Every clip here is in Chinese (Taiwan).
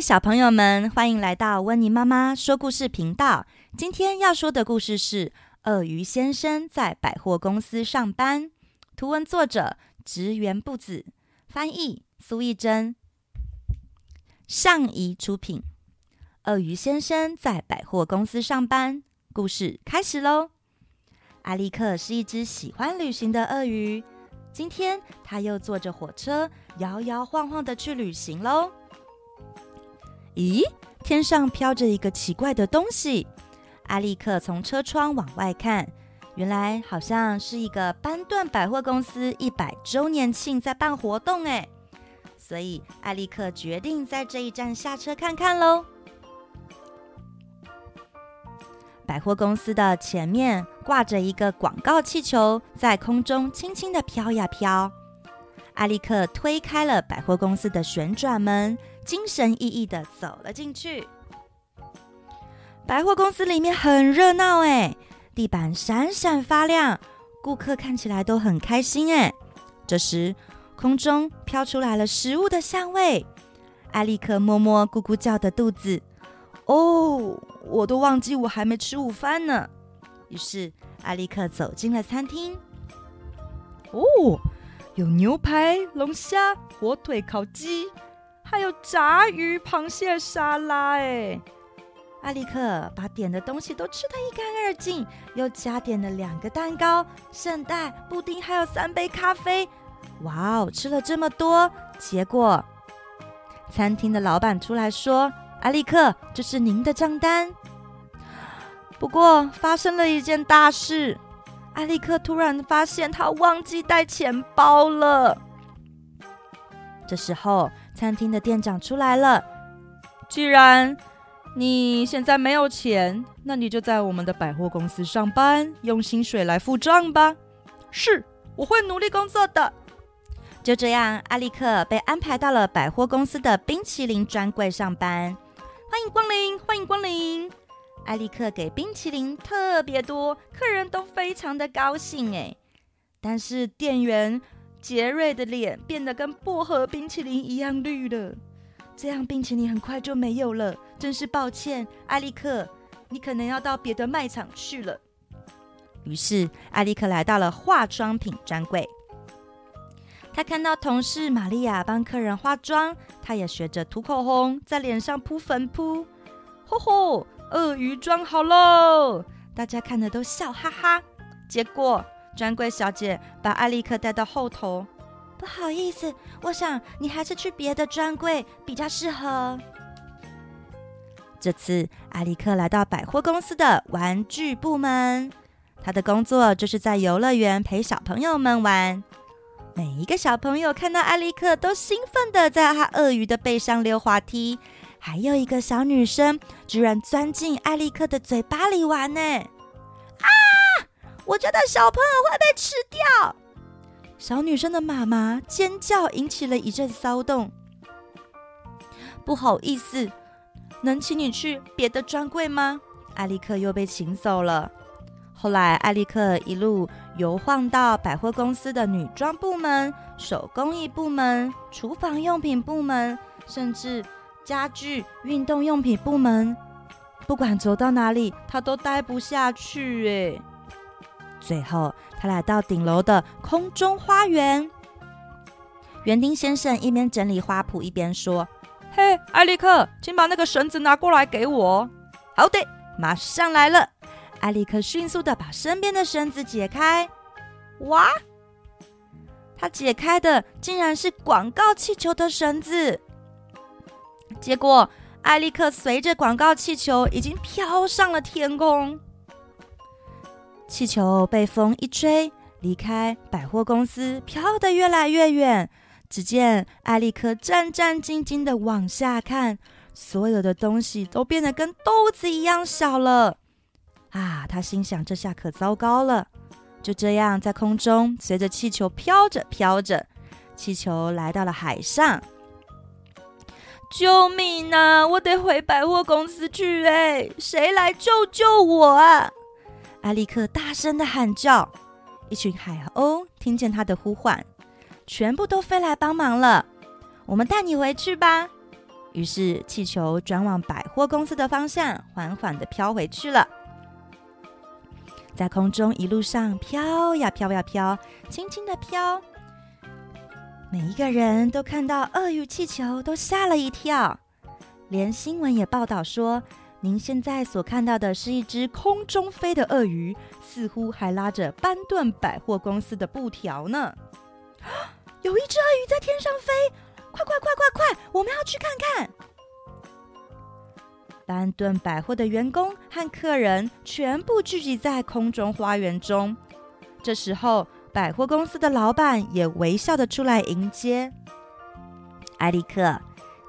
小朋友們，歡迎來到溫妮媽媽說故事頻道。今天要說的故事是《鱷魚先生在百貨公司上班》。圖文作者：職員不子，翻譯：蘇藝珍，上儀出品。鱷魚先生在百貨公司上班，故事開始嘍。艾力克是一隻喜歡旅行的鱷魚，今天他又坐着火車，搖搖晃晃的去旅行嘍。咦，天上飄着一個奇怪的東西。艾力克從車窗往外看，原來好像是一個班頓百貨公司一百周年慶在辦活動誒，所以艾力克決定在這一站下車看看嘍。百貨公司的前面掛着一個廣告氣球，在空中輕輕地飄呀飄。艾力克推開了百貨公司的旋轉門，精神奕奕地走了進去。百貨公司裡面很熱鬧，哎，地板閃閃發亮，顧客看起來都很開心，哎。這時，空中飄出來了食物的香味。艾力克摸摸咕咕叫的肚子，哦，我都忘記我還沒吃午飯呢。於是，艾力克走進了餐廳。哦。有牛排、龍蝦、火腿、烤雞，還有炸魚、螃蟹沙拉。哎，艾力克把點的東西都吃得一乾二淨，又加點了兩個蛋糕、聖代、布丁，還有三杯咖啡。哇哦，吃了這麼多，結果餐廳的老板出來說：“艾力克，這是您的賬單。”不過，發生了一件大事。艾力克突然發現他忘記帶錢包了。這時候，餐廳的店長出來了。既然你現在沒有錢，那你就在我們的百貨公司上班，用薪水來付賬吧。是，我會努力工作的。就這樣，艾力克被安排到了百貨公司的冰淇淋專櫃上班。歡迎光臨，歡迎光臨。艾力克給冰淇淋特別多，客人都非常的高興誒，但是店員傑瑞的臉變得跟薄荷冰淇淋一樣綠了，這樣冰淇淋很快就沒有了。真是抱歉，艾力克，你可能要到別的賣場去了。於是艾力克來到了化妝品專櫃，他看到同事瑪利亞幫客人化妝，他也學着塗口紅，在臉上撲粉撲，呼呼。鱷魚裝好嘍，大家看得都笑哈哈。結果，專櫃小姐把艾力克帶到後頭，不好意思，我想你還是去別的專櫃比較適合。這次，艾力克來到百貨公司的玩具部門，他的工作就是在遊樂園陪小朋友們玩。每一個小朋友看到艾力克，都興奮地在他鱷魚的背上溜滑梯。還有一個小女生居然鑽進艾力克的嘴巴裡玩呢！啊！我覺得小朋友會被吃掉。小女生的媽媽尖叫，引起了一陣騷動。不好意思，能請你去別的專櫃嗎？艾力克又被請走了。後來，艾力克一路遊晃到百貨公司的女裝部門、手工藝部門、廚房用品部門，甚至……家具、運動用品部門，不管走到哪裡，他都待不下去耶。最後，他來到頂樓的空中花園。園丁先生一邊整理花圃，一邊說：“嘿，hey, 艾力克，請把那個繩子拿過來給我。”“好的，馬上來了。”艾力克迅速的把身邊的繩子解開。哇，他解開的竟然是廣告氣球的繩子。結果，艾力克隨着廣告氣球已經飄上了天空。氣球被風一吹，離開百貨公司，飄得越來越遠。只見艾力克戰戰兢兢地往下看，所有的東西都變得跟豆子一樣小了。啊，他心想，這下可糟糕了。就這樣，在空中隨着氣球飄着飄着，氣球來到了海上。救命啊，我得回百貨公司去誒、欸，誰來救救我啊？艾力克大聲的喊叫，一群海鷗聽見他的呼喚，全部都飛來幫忙了。我們帶你回去吧。於是氣球轉往百貨公司的方向，緩緩的飄回去了。在空中一路上飄呀飄呀飄，輕輕的飄。每一個人都看到鱷魚氣球都嚇了一跳，連新聞也報道說：您現在所看到的是一隻空中飛的鱷魚，似乎還拉着班頓百貨公司的布條呢。哦！有一隻鱷魚在天上飛，快快快快快，我們要去看看！班頓百貨的員工和客人全部聚集在空中花園中，這時候。百貨公司的老板也微笑地出來迎接艾力克。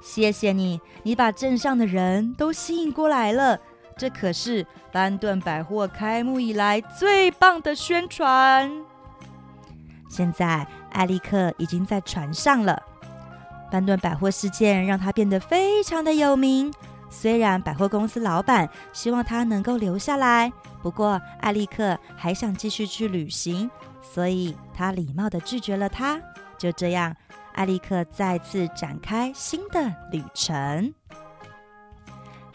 謝謝你，你把鎮上的人都吸引過來了。這可是班頓百貨開幕以來最棒的宣傳。現在艾力克已經在船上了。班頓百貨事件讓他變得非常的有名。雖然百貨公司老板希望他能夠留下來，不過艾力克還想繼續去旅行。所以，他禮貌地拒絕了他。就這樣，艾力克再次展開新的旅程。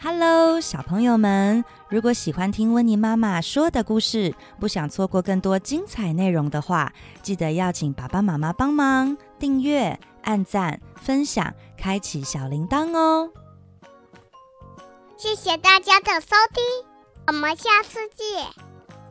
Hello，小朋友們，如果喜歡聽溫妮媽媽說的故事，不想錯過更多精彩內容的話，記得要請爸爸媽媽幫忙訂閱、按讚、分享、開啟小鈴鐺哦。謝謝大家的收聽，我們下次見。